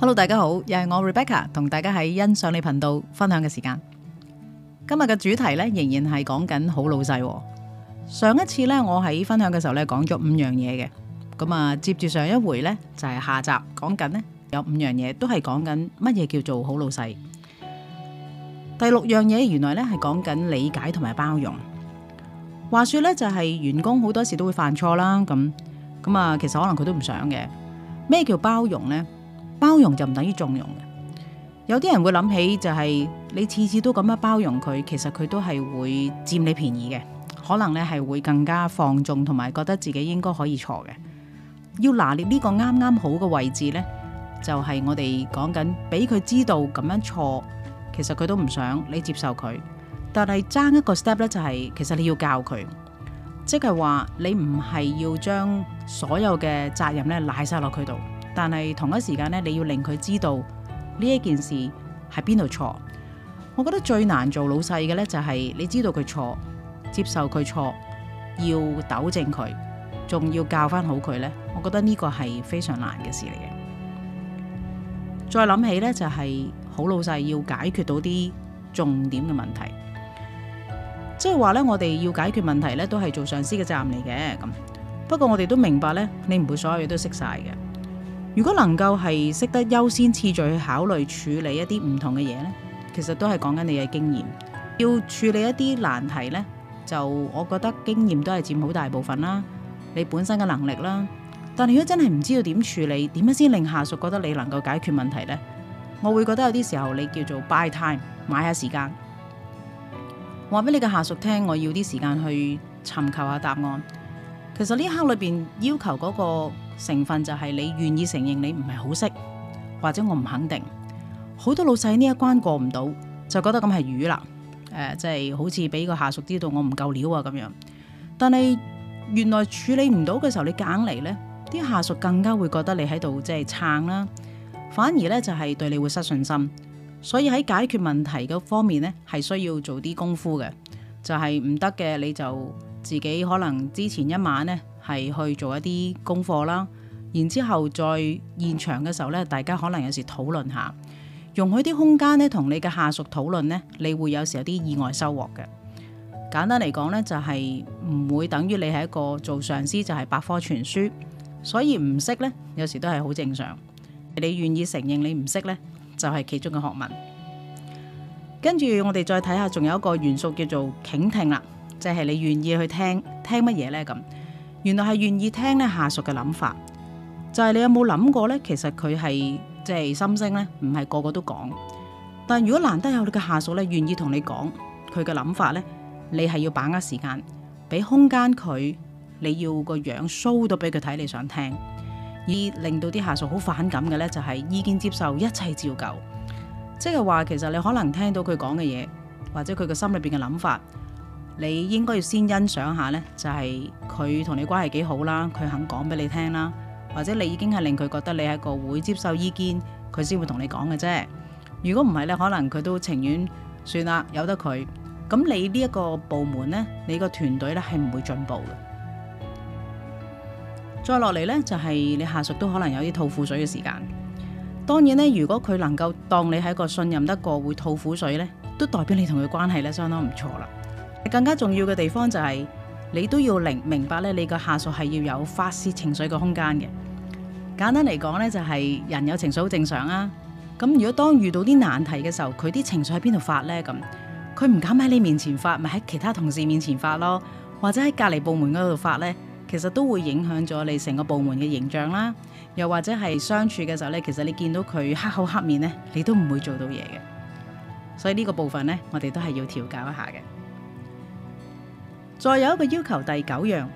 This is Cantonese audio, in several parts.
Hello，大家好，又係我 Rebecca 同大家喺欣賞你頻道分享嘅時間。今日嘅主題咧，仍然係講緊好老細。上一次咧，我喺分享嘅時候咧，講咗五樣嘢嘅咁啊。接住上一回咧，就係下集講緊咧有五樣嘢都係講緊乜嘢叫做好老細。第六樣嘢，原來咧係講緊理解同埋包容。話說咧，就係員工好多時都會犯錯啦，咁咁啊，其實可能佢都唔想嘅。咩叫包容呢？包容就唔等於縱容嘅。有啲人會諗起就係、是、你次次都咁樣包容佢，其實佢都係會佔你便宜嘅，可能咧係會更加放縱，同埋覺得自己應該可以錯嘅。要拿捏呢個啱啱好嘅位置呢，就係、是、我哋講緊俾佢知道咁樣錯，其實佢都唔想你接受佢，但係爭一個 step 呢，就係、是，其實你要教佢，即係話你唔係要將所有嘅責任呢賴晒落佢度。但係同一時間咧，你要令佢知道呢一件事喺邊度錯。我覺得最難做老細嘅咧，就係你知道佢錯，接受佢錯，要糾正佢，仲要教翻好佢咧。我覺得呢個係非常難嘅事嚟嘅。再諗起咧，就係好老細要解決到啲重點嘅問題，即係話咧，我哋要解決問題咧，都係做上司嘅責任嚟嘅。咁不過我哋都明白咧，你唔會所有嘢都識晒嘅。如果能夠係識得優先次序去考慮處理一啲唔同嘅嘢呢，其實都係講緊你嘅經驗。要處理一啲難題呢，就我覺得經驗都係佔好大部分啦，你本身嘅能力啦。但係如果真係唔知道點處理，點樣先令下屬覺得你能夠解決問題呢？我會覺得有啲時候你叫做 buy time 買下時間，話俾你嘅下屬聽，我要啲時間去尋求下答案。其實呢一刻裏邊要求嗰個成分就係你願意承認你唔係好識，或者我唔肯定。好多老細呢一關過唔到，就覺得咁係魚啦。誒、呃，即、就、係、是、好似俾個下屬知道我唔夠料啊咁樣。但係原來處理唔到嘅時候，你夾硬嚟，呢啲下屬更加會覺得你喺度即係撐啦。反而呢就係對你會失信心。所以喺解決問題嗰方面呢，係需要做啲功夫嘅，就係唔得嘅你就。自己可能之前一晚呢，係去做一啲功課啦，然之後再現場嘅時候呢，大家可能有時討論下，容許啲空間呢，同你嘅下屬討論呢，你會有時有啲意外收穫嘅。簡單嚟講呢，就係唔會等於你係一個做上司就係百科全書，所以唔識呢，有時都係好正常。你願意承認你唔識呢，就係其中嘅學問。跟住我哋再睇下，仲有一個元素叫做傾聽啦。即係你願意去聽聽乜嘢呢？咁原來係願意聽咧下屬嘅諗法，就係你有冇諗過呢？其實佢係即係心聲呢，唔係個個都講。但如果難得有你嘅下屬咧願意同你講佢嘅諗法呢，你係要把握時間，俾空間佢，你要個樣 show 到俾佢睇，你想聽，而令到啲下屬好反感嘅呢，就係意見接受一切照舊，即係話其實你可能聽到佢講嘅嘢，或者佢嘅心裏邊嘅諗法。你應該要先欣賞下呢，就係佢同你關係幾好啦，佢肯講俾你聽啦，或者你已經係令佢覺得你係個會接受意見，佢先會同你講嘅啫。如果唔係咧，可能佢都情願算啦，由得佢。咁你呢一個部門呢，你個團隊呢，係唔會進步嘅。再落嚟呢，就係你下屬都可能有啲吐苦水嘅時間。當然呢，如果佢能夠當你係個信任得過會吐苦水呢，都代表你同佢關係咧相當唔錯啦。更加重要嘅地方就係，你都要明明白咧，你個下屬係要有發洩情緒嘅空間嘅。簡單嚟講咧，就係人有情緒好正常啊。咁如果當遇到啲難題嘅時候，佢啲情緒喺邊度發呢？咁佢唔敢喺你面前發，咪喺其他同事面前發咯，或者喺隔籬部門嗰度發呢，其實都會影響咗你成個部門嘅形象啦。又或者係相處嘅時候呢，其實你見到佢黑口黑面呢，你都唔會做到嘢嘅。所以呢個部分呢，我哋都係要調教一下嘅。再有一個要求，第九樣，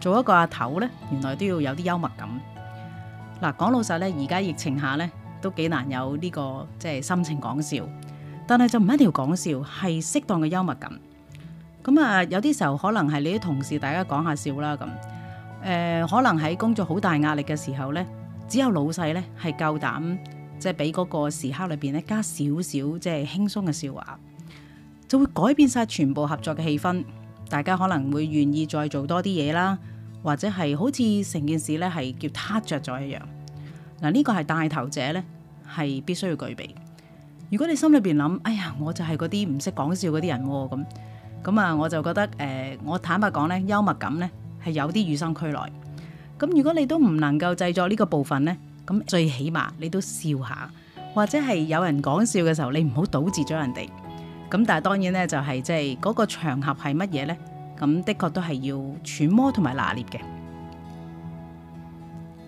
做一個阿頭呢，原來都要有啲幽默感。嗱，講老實呢，而家疫情下呢，都幾難有呢、這個即係心情講笑，但係就唔一定要講笑，係適當嘅幽默感。咁啊，有啲時候可能係你啲同事，大家講下笑啦咁。誒、呃，可能喺工作好大壓力嘅時候呢，只有老細呢係夠膽即係俾嗰個時刻裏邊呢加少少即係輕鬆嘅笑話，就會改變晒全部合作嘅氣氛。大家可能會願意再做多啲嘢啦，或者係好似成件事咧係叫塌着咗一樣。嗱，呢個係帶頭者咧係必須要具備。如果你心裏面諗，哎呀，我就係嗰啲唔識講笑嗰啲人喎，咁咁啊，我就覺得、呃、我坦白講咧，幽默感咧係有啲與生俱來。咁如果你都唔能夠製作呢個部分咧，咁最起碼你都笑下，或者係有人講笑嘅時候，你唔好導致咗人哋。咁但係當然咧、就係，就係即係嗰個場合係乜嘢咧？咁的確都係要揣摩同埋拿捏嘅。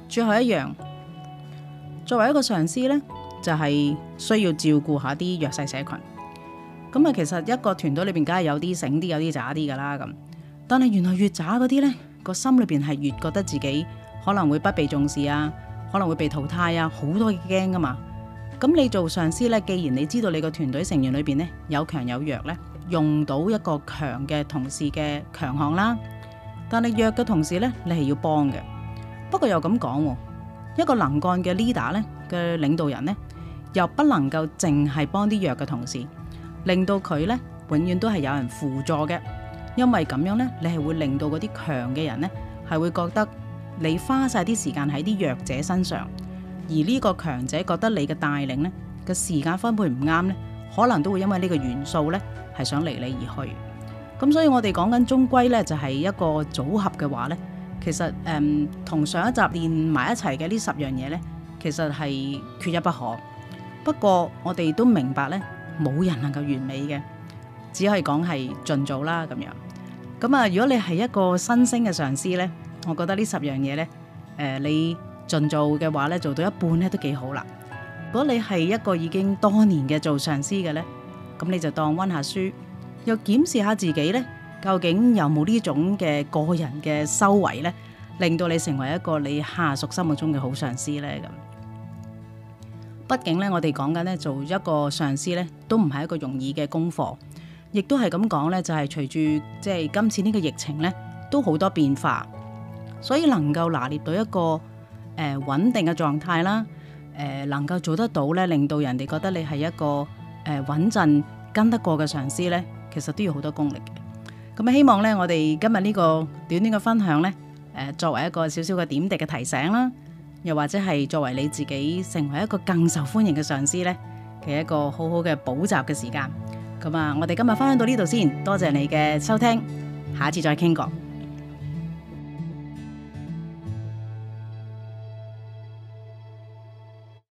最後一樣，作為一個上司咧，就係、係、需要照顧一下啲弱勢社群。咁啊，其實一個團隊裏邊，梗係有啲醒啲，有啲渣啲噶啦咁。但係原來越渣嗰啲咧，個心裏邊係越覺得自己可能會不被重視啊，可能會被淘汰啊，好多嘢驚噶嘛。咁你做上司咧，既然你知道你個團隊成員裏邊咧，有強有弱咧，用到一個強嘅同事嘅強項啦，但你弱嘅同事咧，你係要幫嘅。不過又咁講，一個能幹嘅 leader 咧嘅領導人咧，又不能夠淨係幫啲弱嘅同事，令到佢咧永遠都係有人輔助嘅，因為咁樣咧，你係會令到嗰啲強嘅人咧係會覺得你花晒啲時間喺啲弱者身上。而呢個強者覺得你嘅帶領呢，個時間分配唔啱呢，可能都會因為呢個元素呢，係想離你而去。咁所以我哋講緊終歸呢，就係一個組合嘅話呢，其實誒同上一集連埋一齊嘅呢十樣嘢呢，其實係缺一不可。不過我哋都明白呢，冇人能夠完美嘅，只可以講係盡早啦咁樣。咁啊，如果你係一個新星嘅上司呢，我覺得呢十樣嘢呢，誒、呃、你。盡做嘅話咧，做到一半咧都幾好啦。如果你係一個已經多年嘅做上司嘅咧，咁你就當溫下書，又檢視下自己咧，究竟有冇呢種嘅個人嘅修為咧，令到你成為一個你下屬心目中嘅好上司咧咁。畢竟咧，我哋講緊咧做一個上司咧，都唔係一個容易嘅功課，亦都係咁講咧，就係隨住即係今次呢個疫情咧，都好多變化，所以能夠拿捏到一個。誒，穩定嘅狀態啦，誒，能夠做得到咧，令到人哋覺得你係一個誒穩陣跟得過嘅上司咧，其實都要好多功力嘅。咁啊，希望咧，我哋今日呢個短短嘅分享咧，誒，作為一個少少嘅點滴嘅提醒啦，又或者係作為你自己成為一個更受歡迎嘅上司咧，其實一個好好嘅補習嘅時間。咁啊，我哋今日分享到呢度先，多謝你嘅收聽，下次再傾過。